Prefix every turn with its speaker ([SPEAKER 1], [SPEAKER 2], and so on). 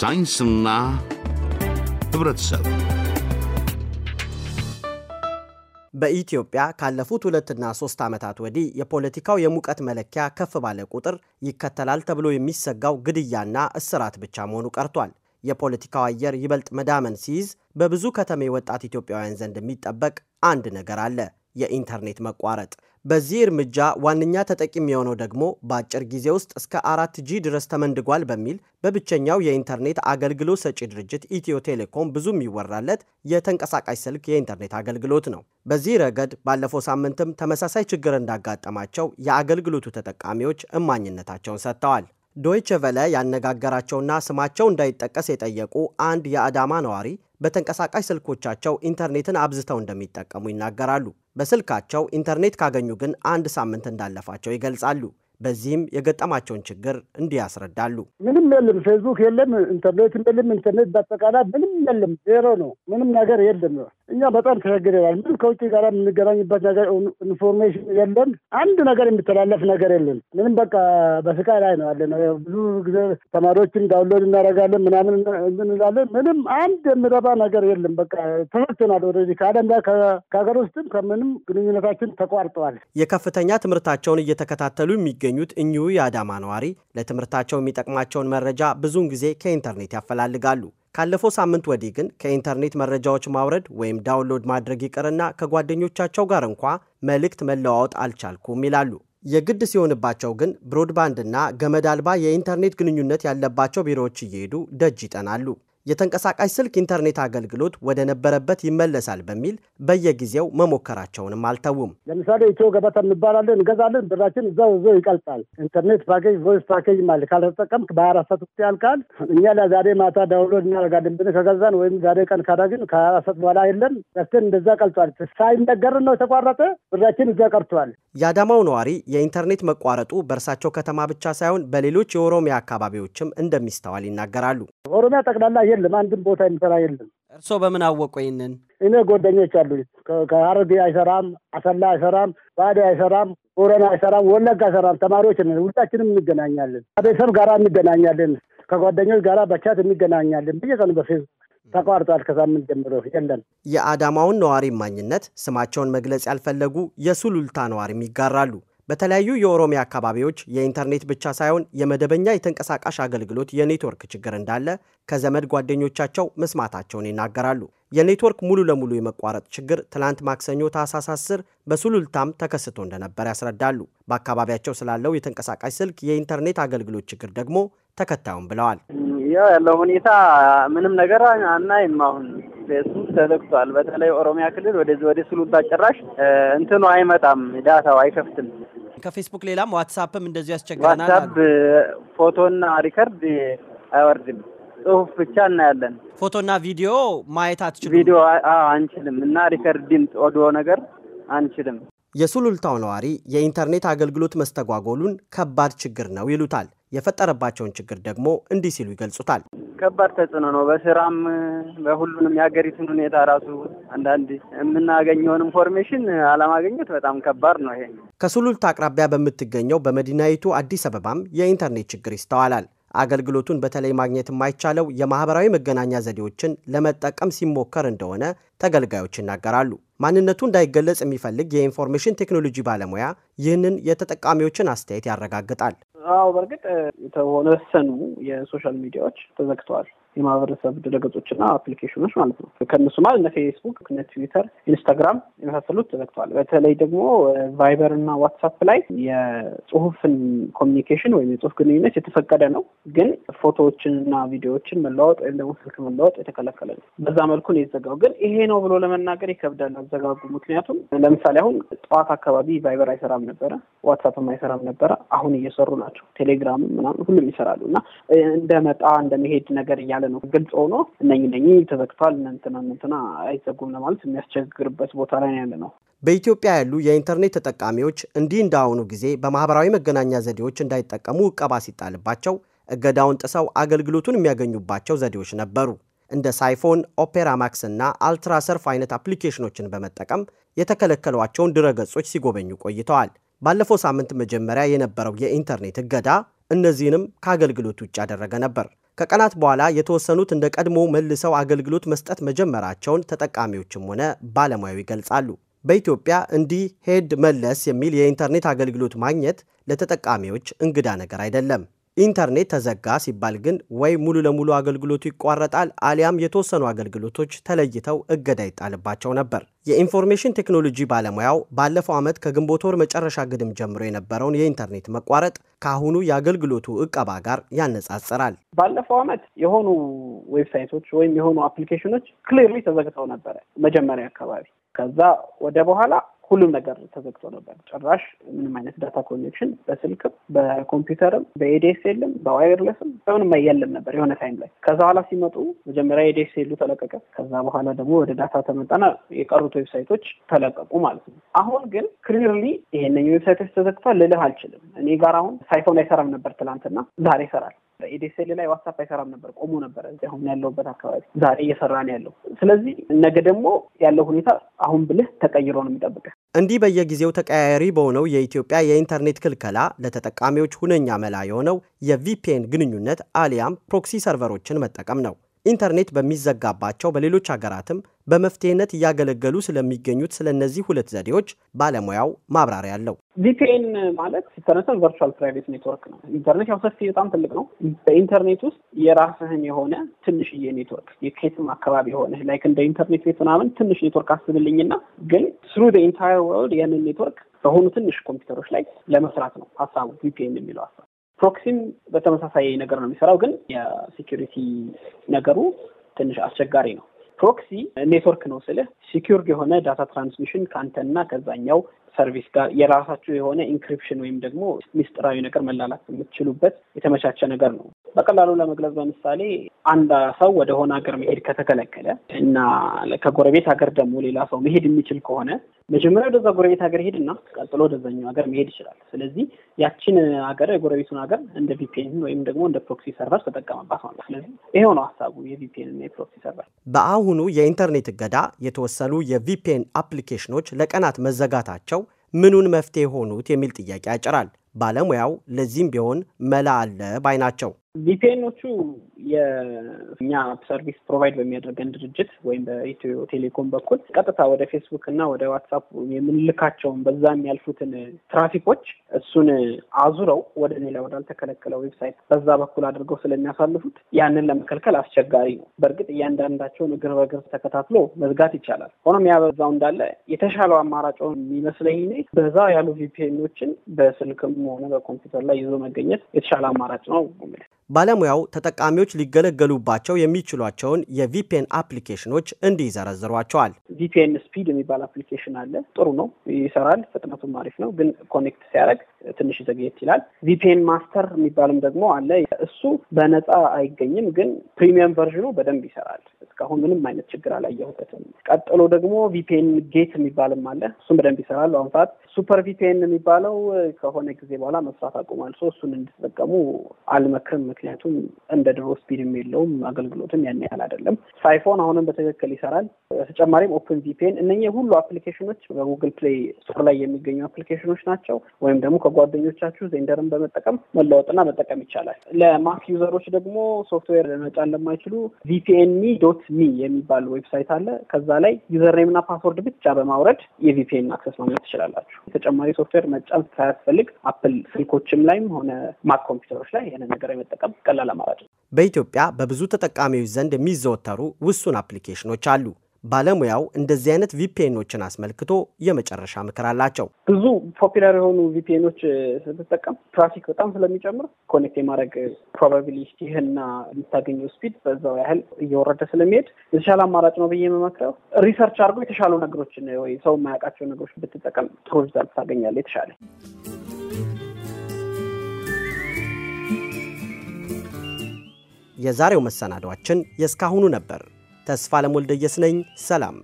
[SPEAKER 1] ሳይንስና
[SPEAKER 2] ህብረተሰብ በኢትዮጵያ ካለፉት ሁለትና ሶስት ዓመታት ወዲህ የፖለቲካው የሙቀት መለኪያ ከፍ ባለ ቁጥር ይከተላል ተብሎ የሚሰጋው ግድያና እስራት ብቻ መሆኑ ቀርቷል። የፖለቲካው አየር ይበልጥ መዳመን ሲይዝ በብዙ ከተሜ ወጣት ኢትዮጵያውያን ዘንድ የሚጠበቅ አንድ ነገር አለ፣ የኢንተርኔት መቋረጥ። በዚህ እርምጃ ዋነኛ ተጠቂ የሚሆነው ደግሞ በአጭር ጊዜ ውስጥ እስከ አራት ጂ ድረስ ተመንድጓል በሚል በብቸኛው የኢንተርኔት አገልግሎት ሰጪ ድርጅት ኢትዮ ቴሌኮም ብዙ የሚወራለት የተንቀሳቃሽ ስልክ የኢንተርኔት አገልግሎት ነው። በዚህ ረገድ ባለፈው ሳምንትም ተመሳሳይ ችግር እንዳጋጠማቸው የአገልግሎቱ ተጠቃሚዎች እማኝነታቸውን ሰጥተዋል። ዶይቸ ቨለ ያነጋገራቸውና ስማቸው እንዳይጠቀስ የጠየቁ አንድ የአዳማ ነዋሪ በተንቀሳቃሽ ስልኮቻቸው ኢንተርኔትን አብዝተው እንደሚጠቀሙ ይናገራሉ። በስልካቸው ኢንተርኔት ካገኙ ግን አንድ ሳምንት እንዳለፋቸው ይገልጻሉ። በዚህም የገጠማቸውን ችግር እንዲህ ያስረዳሉ።
[SPEAKER 3] ምንም የለም፣ ፌስቡክ የለም፣ ኢንተርኔት የለም። ኢንተርኔት በአጠቃላይ ምንም የለም፣ ዜሮ ነው። ምንም ነገር የለም። እኛ በጣም ተቸግረናል። ምንም ከውጭ ጋር የምንገናኝበት ነገር ኢንፎርሜሽን የለን። አንድ ነገር የሚተላለፍ ነገር የለን። ምንም በቃ በስቃይ ላይ ነው ያለ ብዙ ጊዜ ተማሪዎችን ዳውንሎድ እናደርጋለን ምናምን እንላለን። ምንም አንድ የሚረባ ነገር የለም። በቃ ተፈትናል። ወደዚ ከአለም ጋር ከሀገር ውስጥም ከምንም ግንኙነታችን ተቋርጠዋል።
[SPEAKER 2] የከፍተኛ ትምህርታቸውን እየተከታተሉ የሚገኙት እኚሁ የአዳማ ነዋሪ ለትምህርታቸው የሚጠቅማቸውን መረጃ ብዙውን ጊዜ ከኢንተርኔት ያፈላልጋሉ። ካለፈው ሳምንት ወዲህ ግን ከኢንተርኔት መረጃዎች ማውረድ ወይም ዳውንሎድ ማድረግ ይቅርና ከጓደኞቻቸው ጋር እንኳ መልእክት መለዋወጥ አልቻልኩም ይላሉ። የግድ ሲሆንባቸው ግን ብሮድባንድና ገመድ አልባ የኢንተርኔት ግንኙነት ያለባቸው ቢሮዎች እየሄዱ ደጅ ይጠናሉ። የተንቀሳቃሽ ስልክ ኢንተርኔት አገልግሎት ወደ ነበረበት ይመለሳል በሚል በየጊዜው መሞከራቸውንም አልተውም።
[SPEAKER 3] ለምሳሌ ኢትዮ ገበታ እንባላለን፣ እንገዛለን፣ ብራችን እዛው እዛው ይቀልጣል። ኢንተርኔት ፓኬጅ፣ ቮይስ ፓኬጅ ማለት ካልተጠቀምክ በሀያ አራት ሰዓት ውስጥ ያልቃል። እኛ ለዛሬ ማታ ዳውንሎድ እናደርጋለን ብን ከገዛን ወይም ዛሬ ቀን ካዳግን ከሀያ አራት ሰዓት በኋላ የለም ረስትን እንደዛ ቀልጧል። ሳይነገር ነው የተቋረጠ፣ ብራችን እዛ ቀርቷል።
[SPEAKER 2] የአዳማው ነዋሪ የኢንተርኔት መቋረጡ በእርሳቸው ከተማ ብቻ ሳይሆን በሌሎች የኦሮሚያ አካባቢዎችም እንደሚስተዋል ይናገራሉ።
[SPEAKER 3] ኦሮሚያ ጠቅላላ የለም። አንድም ቦታ የሚሰራ የለም።
[SPEAKER 2] እርስዎ በምን አወቁ ይህንን?
[SPEAKER 3] እኔ ጓደኞች አሉ። ከአረቢ አይሰራም፣ አሰላ አይሰራም፣ ባዴ አይሰራም፣ ቦረና አይሰራም፣ ወለጋ አይሰራም። ተማሪዎች ነን፣ ሁላችንም እንገናኛለን። ከቤተሰብ ጋር እንገናኛለን፣ ከጓደኞች ጋር በቻት እንገናኛለን። በየቀኑ በፌስቡክ
[SPEAKER 2] ተቋርጧል። ከሳምንት
[SPEAKER 3] ጀምሮ የለም።
[SPEAKER 2] የአዳማውን ነዋሪ ማኝነት ስማቸውን መግለጽ ያልፈለጉ የሱሉልታ ነዋሪም ይጋራሉ። በተለያዩ የኦሮሚያ አካባቢዎች የኢንተርኔት ብቻ ሳይሆን የመደበኛ የተንቀሳቃሽ አገልግሎት የኔትወርክ ችግር እንዳለ ከዘመድ ጓደኞቻቸው መስማታቸውን ይናገራሉ። የኔትወርክ ሙሉ ለሙሉ የመቋረጥ ችግር ትላንት ማክሰኞ ታህሳስ 10 በሱሉልታም ተከስቶ እንደነበር ያስረዳሉ። በአካባቢያቸው ስላለው የተንቀሳቃሽ ስልክ የኢንተርኔት አገልግሎት ችግር ደግሞ ተከታዩም ብለዋል።
[SPEAKER 1] ያው ያለው ሁኔታ ምንም ነገር አናይም አሁን እሱ ተዘግቷል። በተለይ ኦሮሚያ ክልል ወደዚህ ወደ ሱሉልታ ጭራሽ እንትኑ አይመጣም፣ ዳታው አይከፍትም።
[SPEAKER 2] ከፌስቡክ ሌላም ዋትሳፕም እንደዚሁ ያስቸግረናል። ዋትሳፕ
[SPEAKER 1] ፎቶና ሪከርድ አይወርድም፣ ጽሁፍ ብቻ እናያለን።
[SPEAKER 2] ፎቶና ቪዲዮ ማየት አትችልም። ቪዲዮ አንችልም እና ሪከርድ፣ ኦዲዮ ነገር አንችልም። የሱሉልታው ነዋሪ የኢንተርኔት አገልግሎት መስተጓጎሉን ከባድ ችግር ነው ይሉታል። የፈጠረባቸውን ችግር ደግሞ እንዲህ ሲሉ ይገልጹታል።
[SPEAKER 1] ከባድ ተጽዕኖ ነው። በስራም በሁሉንም የሀገሪቱን ሁኔታ ራሱ አንዳንድ የምናገኘውን ኢንፎርሜሽን አለማገኘት በጣም ከባድ ነው። ይሄ
[SPEAKER 2] ከሱሉልታ አቅራቢያ በምትገኘው በመዲናይቱ አዲስ አበባም የኢንተርኔት ችግር ይስተዋላል። አገልግሎቱን በተለይ ማግኘት የማይቻለው የማህበራዊ መገናኛ ዘዴዎችን ለመጠቀም ሲሞከር እንደሆነ ተገልጋዮች ይናገራሉ። ማንነቱ እንዳይገለጽ የሚፈልግ የኢንፎርሜሽን ቴክኖሎጂ ባለሙያ ይህንን የተጠቃሚዎችን አስተያየት ያረጋግጣል።
[SPEAKER 1] አዎ በእርግጥ የተወሰኑ የሶሻል ሚዲያዎች ተዘግተዋል። የማህበረሰብ ድረገጾችና አፕሊኬሽኖች ማለት ነው። ከእነሱ ማለት እነ ፌስቡክ፣ እነ ትዊተር፣ ኢንስታግራም የመሳሰሉት ተዘግተዋል። በተለይ ደግሞ ቫይበር እና ዋትሳፕ ላይ የጽሁፍን ኮሚኒኬሽን ወይም የጽሁፍ ግንኙነት የተፈቀደ ነው፣ ግን ፎቶዎችን እና ቪዲዮዎችን መለዋወጥ ወይም ደግሞ ስልክ መለዋወጥ የተከለከለ ነው። በዛ መልኩ ነው የተዘጋው። ግን ይሄ ነው ብሎ ለመናገር ይከብዳል አዘጋጉ። ምክንያቱም ለምሳሌ አሁን ጠዋት አካባቢ ቫይበር አይሰራም ነበረ፣ ዋትሳፕም አይሰራም ነበረ። አሁን እየሰሩ ናቸው። ቴሌግራም ምናምን ሁሉም ይሰራሉ እና እንደመጣ እንደመሄድ ነገር እያ ያለ ነው ግልጽ ሆኖ እነኝ እነኝ
[SPEAKER 2] ተዘግቷል እንትና እንትና አይዘጉም ለማለት የሚያስቸግርበት ቦታ ላይ ያለ ነው። በኢትዮጵያ ያሉ የኢንተርኔት ተጠቃሚዎች እንዲህ እንዳሁኑ ጊዜ በማህበራዊ መገናኛ ዘዴዎች እንዳይጠቀሙ እቀባ ሲጣልባቸው እገዳውን ጥሰው አገልግሎቱን የሚያገኙባቸው ዘዴዎች ነበሩ። እንደ ሳይፎን፣ ኦፔራ ማክስ እና አልትራሰርፍ አይነት አፕሊኬሽኖችን በመጠቀም የተከለከሏቸውን ድረገጾች ሲጎበኙ ቆይተዋል። ባለፈው ሳምንት መጀመሪያ የነበረው የኢንተርኔት እገዳ እነዚህንም ከአገልግሎት ውጭ ያደረገ ነበር። ከቀናት በኋላ የተወሰኑት እንደ ቀድሞ መልሰው አገልግሎት መስጠት መጀመራቸውን ተጠቃሚዎችም ሆነ ባለሙያው ይገልጻሉ። በኢትዮጵያ እንዲህ ሄድ መለስ የሚል የኢንተርኔት አገልግሎት ማግኘት ለተጠቃሚዎች እንግዳ ነገር አይደለም። ኢንተርኔት ተዘጋ ሲባል ግን ወይ ሙሉ ለሙሉ አገልግሎቱ ይቋረጣል አሊያም የተወሰኑ አገልግሎቶች ተለይተው እገዳ ይጣልባቸው ነበር። የኢንፎርሜሽን ቴክኖሎጂ ባለሙያው ባለፈው ዓመት ከግንቦት ወር መጨረሻ ግድም ጀምሮ የነበረውን የኢንተርኔት መቋረጥ ከአሁኑ የአገልግሎቱ እቀባ ጋር ያነጻጽራል።
[SPEAKER 1] ባለፈው ዓመት የሆኑ ዌብሳይቶች ወይም የሆኑ አፕሊኬሽኖች ክሊርሊ ተዘግተው ነበረ መጀመሪያ አካባቢ። ከዛ ወደ በኋላ ሁሉም ነገር ተዘግቶ ነበር። ጭራሽ ምንም አይነት ዳታ ኮኔክሽን በስልክም በኮምፒውተርም በኤዲኤስኤልም በዋይርለስም በምንም የለም ነበር የሆነ ታይም ላይ። ከዛ በኋላ ሲመጡ መጀመሪያ ኤዲኤስኤሉ ተለቀቀ። ከዛ በኋላ ደግሞ ወደ ዳታ ተመጣና የቀሩት ዌብሳይቶች ተለቀቁ ማለት ነው። አሁን ግን ክሊርሊ ይሄንኛው ዌብሳይቶች ተዘግቷል ልልህ አልችልም። እኔ ጋር አሁን ሳይፎን አይሰራም ነበር ትላንትና፣ ዛሬ ይሰራል። ኤዴሴል ላይ ዋትሳፕ አይሰራም ነበር፣ ቆሞ ነበረ እዚህ አሁን ያለውበት አካባቢ። ዛሬ እየሰራ ነው ያለው። ስለዚህ ነገ ደግሞ ያለው ሁኔታ አሁን ብልህ ተቀይሮ ነው የሚጠብቀ
[SPEAKER 2] እንዲህ በየጊዜው ተቀያያሪ በሆነው የኢትዮጵያ የኢንተርኔት ክልከላ ለተጠቃሚዎች ሁነኛ መላ የሆነው የቪፒኤን ግንኙነት አሊያም ፕሮክሲ ሰርቨሮችን መጠቀም ነው። ኢንተርኔት በሚዘጋባቸው በሌሎች ሀገራትም በመፍትሄነት እያገለገሉ ስለሚገኙት ስለነዚህ ሁለት ዘዴዎች ባለሙያው ማብራሪያ አለው።
[SPEAKER 1] ቪፒኤን ማለት ሲተነሰን ቨርቹዋል ፕራይቬት ኔትወርክ ነው። ኢንተርኔት ያው ሰፊ በጣም ትልቅ ነው። በኢንተርኔት ውስጥ የራስህን የሆነ ትንሽዬ ኔትወርክ የኬትም አካባቢ የሆነ ላይክ እንደ ኢንተርኔት ቤት ምናምን ትንሽ ኔትወርክ አስብልኝና ግን ስሩ ኢንታየር ወርልድ ያንን ኔትወርክ በሆኑ ትንሽ ኮምፒውተሮች ላይ ለመስራት ነው ሀሳቡ ቪፒኤን የሚለው ሀሳብ ፕሮክሲም በተመሳሳይ ነገር ነው የሚሰራው፣ ግን የሴኪሪቲ ነገሩ ትንሽ አስቸጋሪ ነው። ፕሮክሲ ኔትወርክ ነው ስልህ ሲኪር የሆነ ዳታ ትራንስሚሽን ከአንተና ከዛኛው ሰርቪስ ጋር የራሳችሁ የሆነ ኢንክሪፕሽን ወይም ደግሞ ሚስጥራዊ ነገር መላላት የምትችሉበት የተመቻቸ ነገር ነው። በቀላሉ ለመግለጽ በምሳሌ አንድ ሰው ወደ ሆነ ሀገር መሄድ ከተከለከለ እና ከጎረቤት ሀገር ደግሞ ሌላ ሰው መሄድ የሚችል ከሆነ መጀመሪያ ወደዛ ጎረቤት ሀገር እና ቀጥሎ ወደዛኛው ሀገር መሄድ ይችላል። ስለዚህ ያችን ሀገር የጎረቤቱን ሀገር እንደ ቪፒኤን ወይም ደግሞ እንደ ፕሮክሲ ሰርቨር ተጠቀመባት ማለት። ስለዚህ ይሄው ነው ሀሳቡ የቪፒኤን እና የፕሮክሲ ሰርቨር።
[SPEAKER 2] በአሁኑ የኢንተርኔት እገዳ የተወሰኑ የቪፒኤን አፕሊኬሽኖች ለቀናት መዘጋታቸው ምኑን መፍትሄ ሆኑት የሚል ጥያቄ ያጭራል። ባለሙያው ለዚህም ቢሆን መላ አለ ባይ ናቸው።
[SPEAKER 1] ቪፒኤኖቹ የእኛ ሰርቪስ ፕሮቫይድ በሚያደርገን ድርጅት ወይም በኢትዮ ቴሌኮም በኩል ቀጥታ ወደ ፌስቡክ እና ወደ ዋትሳፕ የምንልካቸውን በዛ የሚያልፉትን ትራፊኮች እሱን አዙረው ወደ ሌላ ወዳልተከለከለ ዌብሳይት በዛ በኩል አድርገው ስለሚያሳልፉት ያንን ለመከልከል አስቸጋሪ ነው። በእርግጥ እያንዳንዳቸውን እግር በእግር ተከታትሎ መዝጋት ይቻላል። ሆኖም ያ በዛው እንዳለ የተሻለው አማራጭውን የሚመስለኝ በዛ ያሉ ቪፒኤኖችን በስልክም ሆነ በኮምፒውተር ላይ ይዞ መገኘት የተሻለ አማራጭ ነው።
[SPEAKER 2] ባለሙያው ተጠቃሚዎች ሊገለገሉባቸው የሚችሏቸውን የቪፒኤን አፕሊኬሽኖች እንዲህ ይዘረዝሯቸዋል። ቪፒኤን ስፒድ የሚባል አፕሊኬሽን አለ። ጥሩ ነው፣
[SPEAKER 1] ይሰራል፣ ፍጥነቱም አሪፍ ነው። ግን ኮኔክት ሲያደርግ ትንሽ ዘግየት ይላል። ቪፒኤን ማስተር የሚባልም ደግሞ አለ። እሱ በነፃ አይገኝም፣ ግን ፕሪሚየም ቨርዥኑ በደንብ ይሰራል። እስካሁን ምንም አይነት ችግር አላየሁበትም። ቀጥሎ ደግሞ ቪፒኤን ጌት የሚባልም አለ። እሱም በደንብ ይሰራል። በአሁኑ ሰዓት ሱፐር ቪፒኤን የሚባለው ከሆነ ጊዜ በኋላ መስራት አቁሟል። ሶ እሱን እንድትጠቀሙ አልመክርም፣ ምክንያቱም እንደ ድሮ ስፒድም የለውም፣ አገልግሎትም ያን ያህል አይደለም። ሳይፎን አሁንም በትክክል ይሰራል። በተጨማሪም ኦፕን ቪፒኤን እነኚህ ሁሉ አፕሊኬሽኖች በጉግል ፕሌይ ስቶር ላይ የሚገኙ አፕሊኬሽኖች ናቸው ወይም ደግሞ ከጓደኞቻችሁ ዜንደርን በመጠቀም መለወጥና መጠቀም ይቻላል። ለማክ ዩዘሮች ደግሞ ሶፍትዌር ለመጫን ለማይችሉ ቪፒኤንሚ ዶት ሚ የሚባል ዌብሳይት አለ። ከዛ ላይ ዩዘርኔም እና ፓስወርድ ብቻ በማውረድ የቪፒኤን አክሰስ ማግኘት ትችላላችሁ። ተጨማሪ ሶፍትዌር መጫን ሳያስፈልግ አፕል ስልኮችም ላይም ሆነ ማክ ኮምፒውተሮች ላይ ይህንን ነገር የመጠቀም ቀላል
[SPEAKER 2] አማራጭ ነው። በኢትዮጵያ በብዙ ተጠቃሚዎች ዘንድ የሚዘወተሩ ውሱን አፕሊኬሽኖች አሉ። ባለሙያው እንደዚህ አይነት ቪፒኤኖችን አስመልክቶ የመጨረሻ ምክር አላቸው።
[SPEAKER 1] ብዙ ፖፒላር የሆኑ ቪፒኖች ስትጠቀም ትራፊክ በጣም ስለሚጨምር ኮኔክት የማድረግ ፕሮባቢሊቲህና የምታገኘው ስፒድ በዛው ያህል እየወረደ ስለሚሄድ የተሻለ አማራጭ ነው ብዬ መመክረው ሪሰርች አድርጎ የተሻሉ ነገሮችን ወይ ሰው የማያውቃቸው ነገሮች ብትጠቀም ጥሩ ሪዛልት ታገኛለህ የተሻለ
[SPEAKER 2] የዛሬው መሰናዷችን የእስካሁኑ ነበር። ተስፋ ለሞልደየስ ነኝ። ሰላም